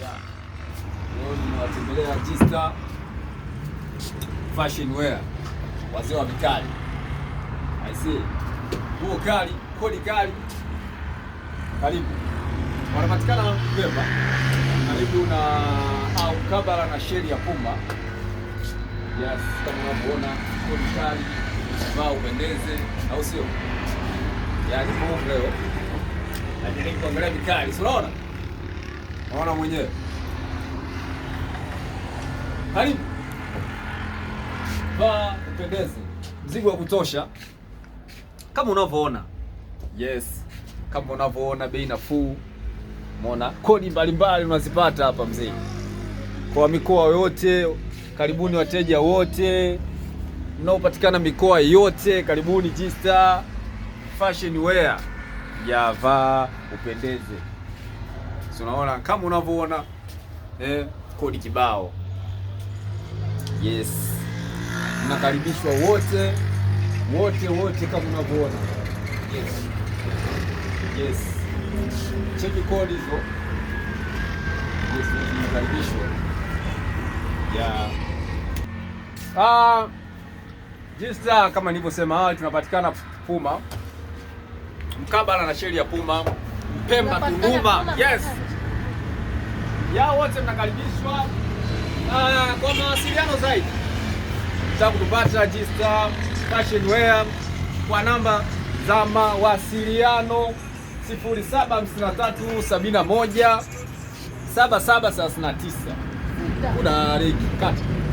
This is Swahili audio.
Leo nimewatembelea g Fashion Wear, wazee wa vikali. I see. Huo kali, kodi kali. Karibu. Wanapatikana Pemba. Karibu na au kabla na sheri ya Pumba. Yes, kama unavyoona kodi kali, vaa upendeze, au sio? Yaani leo. Ajaribu kuangalia vikali. Unaona? Naona mwenyewe. Karibu. Vaa upendeze. Mzigo wa kutosha kama unavyoona. Yes. Kama unavyoona bei nafuu. Umeona? Kodi mbalimbali unazipata hapa mzee. Kwa mikoa yote, karibuni wateja wote mnaopatikana mikoa yote, karibuni g Fashion Wear. Yavaa upendeze si unaona kama unavyoona eh, kodi kibao. Yes, nakaribishwa wote wote wote, kama unavyoona. Yes, yes, cheki kodi hizo. Yes, mnakaribishwa yeah. Ah, just ah, kama nilivyosema, tunapatikana Puma mkabala na sheria ya Puma. Pemba, Tunduma. Yes, yao wote mnakaribishwa, na ah, kwa mawasiliano zaidi za kutupata g Fashion Wear kwa namba za mawasiliano 0753717739 kuna rekikati